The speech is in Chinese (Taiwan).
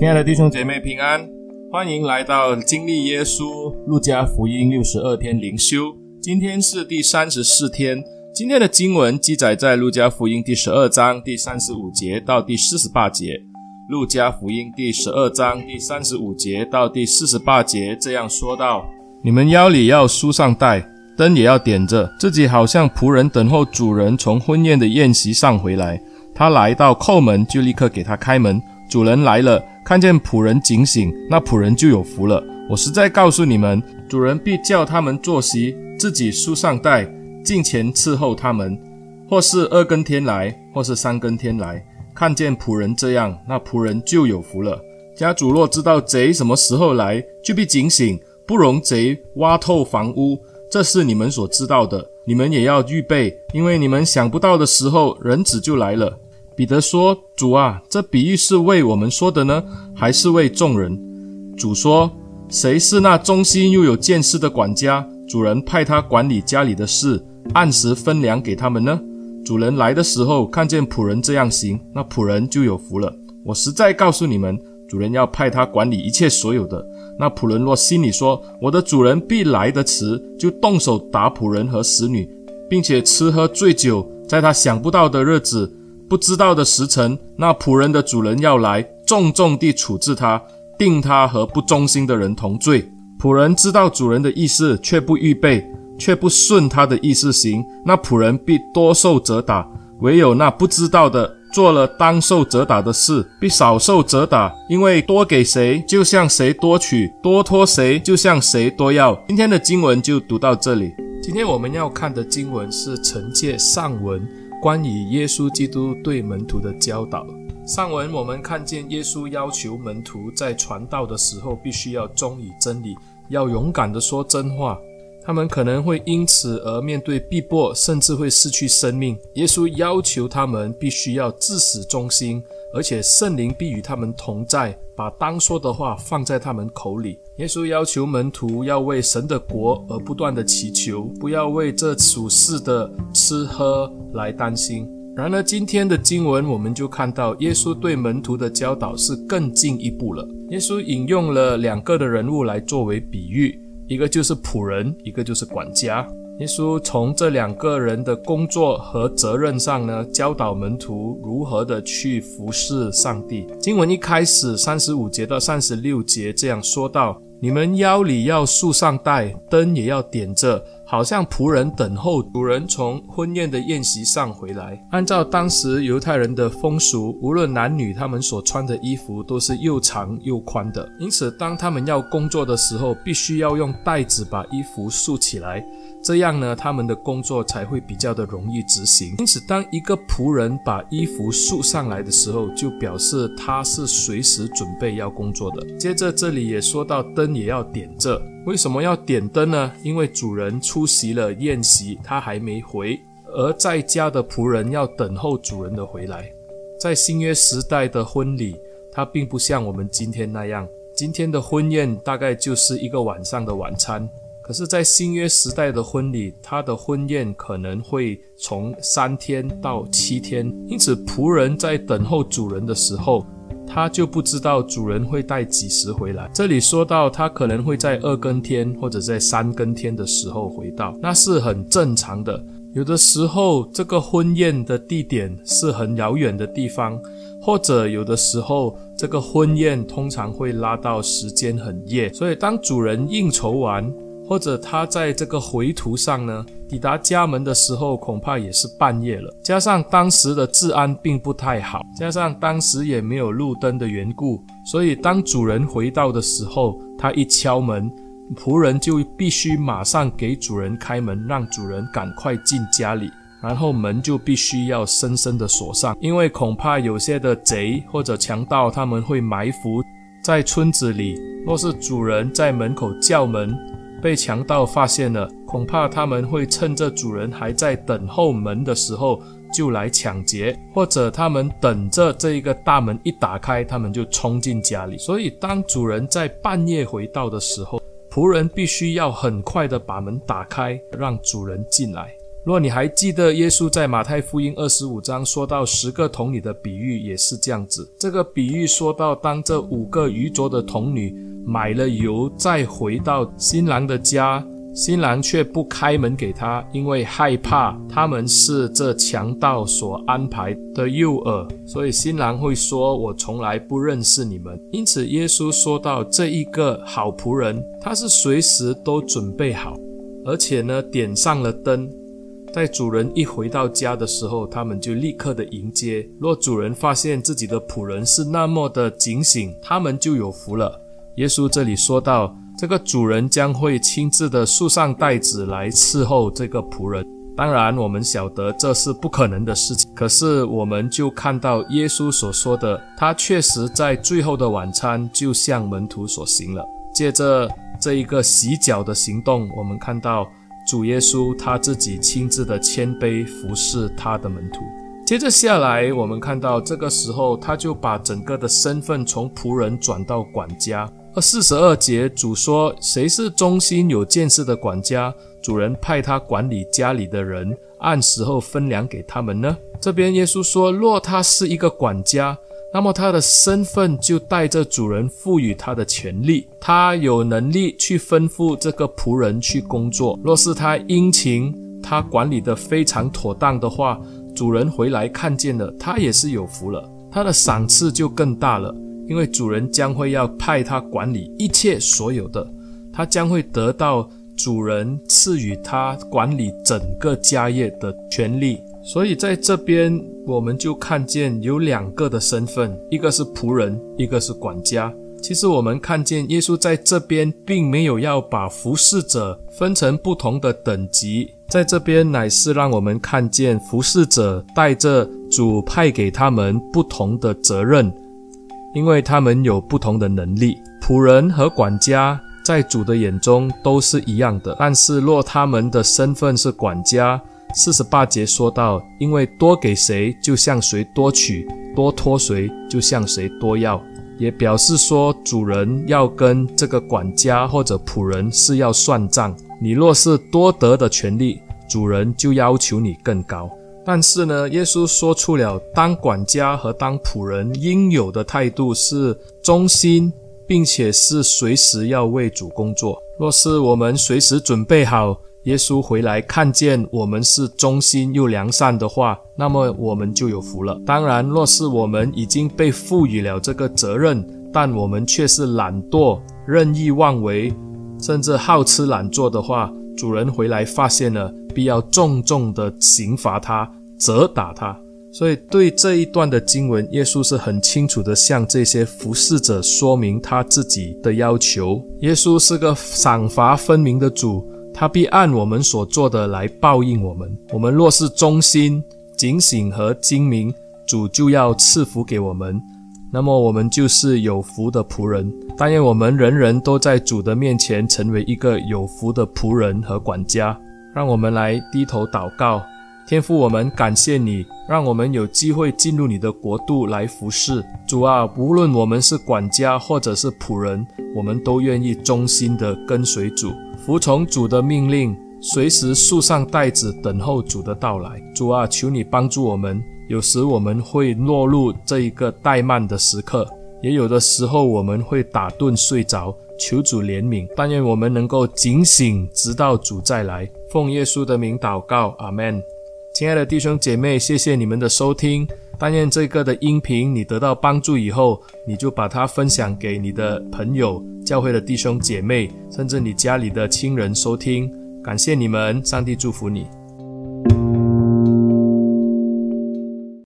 親愛的弟兄姐妹平安，歡迎來到經歷耶穌路加福音六十二天靈修。今天是第三十四天。今天的經文記載在路加福音第十二章第三十五節到第四十八節。路加福音第十二章第三十五節到第四十八節這樣說道：“你們腰裡要束上帶，燈也要點着，自己好像僕人等候主人從婚宴的宴席上回來。他來到叩門，就立刻給他開門。”主人來了，看見僕人警醒，那僕人就有福了。我實在告訴你們，主人必叫他們坐席，自己束上帶，進前伺候他們。或是二更天來，或是三更天來，看見僕人這樣，那僕人就有福了。家主若知道賊什麼時候來，就必警醒，不容賊挖透房屋。這是你們所知道的，你們也要預備，因為你們想不到的時候，人子就來了。彼得說：“主啊，這比喻是為我們說的呢，還是為眾人？”主說：“誰是那忠心又有見識的管家？主人派他管理家裡的事，按時分糧給他們呢。主人來的時候，看見僕人這樣行，那僕人就有福了。我實在告訴你們，主人要派他管理一切所有的。”那僕人若心裡說：“我的主人必來得遲”，就動手打僕人和使女，並且吃喝醉酒，在他想不到的日子。不知道的時辰，那僕人的主人要來，重重地處置他，定他和不忠心的人同罪。僕人知道主人的意思，卻不預備，卻不順他的意思行，那僕人必多受責打；唯有那不知道的，做了當受責打的事，必少受責打。因為多給誰，就向誰多取；多托誰，就向誰多要。今天的經文就讀到這裡。今天我們要看的經文是承接上文。關於耶穌基督對門徒的教導，上文我們看見耶穌要求門徒在傳道的時候必須要忠於真理，要勇敢的說真話。他們可能會因此而面對逼迫，甚至會失去生命。耶穌要求他們必須要至死忠心，而且聖靈必與他們同在，把當說的話放在他們口裡。耶穌要求門徒要為神的國而不斷的祈求，不要為這屬世的吃喝來擔心。然而，今天的經文我們就看到，耶穌對門徒的教導是更進一步了。耶穌引用了兩個的人物來作為比喻，一個就是僕人，一個就是管家。耶穌從這兩個人的工作和責任上呢，教導門徒如何的去服侍上帝。經文一開始三十五節到三十六節這樣說到。你們腰裡要束上帶，燈也要點着，好像僕人等候主人從婚宴的宴席上回來。按照當時猶太人的風俗，無論男女，他們所穿的衣服都是又長又寬的，因此當他們要工作的時候，必須要用帶子把衣服束起來。這樣呢，他們的工作才會比較的容易執行。因此，當一個僕人把衣服束上來的時候，就表示他是隨時準備要工作的。接着，這裡也說到燈也要點着。為什麼要點燈呢？因為主人出席了宴席，他還沒回，而在家的僕人要等候主人的回來。在新約時代的婚禮，它並不像我們今天那樣，今天的婚宴大概就是一個晚上的晚餐。可是，在新約時代的婚禮，他的婚宴可能會從三天到七天，因此僕人在等候主人的時候，他就不知道主人會帶幾時回來。這裡說到，他可能會在二更天或者在三更天的時候回到，那是很正常的。有的時候，這個婚宴的地點是很遙遠的地方，或者有的時候，這個婚宴通常會拉到時間很夜，所以當主人應酬完，或者他在這個回途上呢，抵達家門的時候恐怕也是半夜了。加上當時的治安並不太好，加上當時也沒有路燈的緣故，所以當主人回到的時候，他一敲門，僕人就必須馬上給主人開門，讓主人趕快進家裡，然後門就必須要深深的鎖上，因為恐怕有些的賊或者強盜他們會埋伏在村子裡。若是主人在門口叫門，被強盜發現了，恐怕他們會趁着主人還在等候門的時候就來搶劫，或者他們等着這一個大門一打開，他們就衝進家裡。所以，當主人在半夜回到的時候，僕人必須要很快的把門打開，讓主人進來。若你還記得，耶穌在馬太福音二十五章說到十個童女的比喻也是這樣子。這個比喻說到，當這五個愚拙的童女買了油，再回到新郎的家，新郎卻不開門給他，因為害怕他們是這強盜所安排的誘餌，所以新郎會說：“我從來不認識你們。”因此，耶穌說到這一個好僕人，他是隨時都準備好，而且呢，點上了燈。在主人一回到家的時候，他們就立刻的迎接。若主人發現自己的僕人是那麼的警醒，他們就有福了。耶穌這裡說到，這個主人將會親自的束上帶子來伺候這個僕人。當然，我們曉得這是不可能的事情。可是，我們就看到耶穌所說的，他確實在最後的晚餐就向門徒所行了。借着這一個洗腳的行動，我們看到。主耶穌他自己親自的謙卑服侍他的門徒。接着下來，我們看到這個時候，他就把整個的身份從僕人轉到管家。而四十二節，主說：“誰是忠心有見識的管家？主人派他管理家裡的人，按時候分糧給他們呢？”這邊耶穌說：“若他是一個管家。”那麼他的身份就帶着主人賦予他的權利，他有能力去吩咐這個僕人去工作。若是他殷勤，他管理得非常妥當的話，主人回來看見了，他也是有福了，他的賞賜就更大了，因為主人將會要派他管理一切所有的，他將會得到主人賜予他管理整個家業的權利。所以在這邊。我們就看見有兩個的身份，一個是僕人，一個是管家。其實我們看見耶穌在這邊，並沒有要把服侍者分成不同的等級，在這邊乃是讓我們看見服侍者帶着主派給他們不同的責任，因為他們有不同的能力。僕人和管家在主的眼中都是一樣的，但是若他們的身份是管家，四十八節說到，因為多給誰，就向誰多取；多託誰，就向誰多要。也表示說，主人要跟這個管家或者僕人是要算賬。你若是多得的權利，主人就要求你更高。但是呢，耶穌說出了當管家和當僕人應有的態度是忠心，並且是隨時要為主工作。若是我們隨時準備好，耶穌回來看見我們是忠心又良善的話，那麼我們就有福了。當然，若是我們已經被賦予了這個責任，但我們卻是懶惰、任意妄為，甚至好吃懶做的話，主人回來發現了，必要重重的刑罰他，責打他。所以，對這一段的經文，耶穌是很清楚地向這些服侍者說明他自己的要求。耶穌是個賞罰分明的主。他必按我們所做的來報應我們。我們若是忠心、警醒、和精明，主就要賜福給我們。那麼我們就是有福的僕人。但願我們人人都在主的面前成為一個有福的僕人和管家。讓我們來低頭禱告。天父，我們感謝你，讓我們有機會進入你的國度來服侍主啊。無論我們是管家或者是僕人，我們都願意忠心地跟隨主，服從主的命令，隨時束上帶子等候主的到來。主啊，求你幫助我們。有時我們會落入這一個怠慢的時刻，也有的時候我們會打盹睡着。求主憐憫，但願我們能夠警醒，直到主再來。奉耶穌的名禱告，阿門。親愛的弟兄姐妹，謝謝你們的收聽。但願這個的音頻你得到幫助以後，你就把它分享給你的朋友、教會的弟兄姐妹，甚至你家裡的親人收聽。感謝你們，上帝祝福你。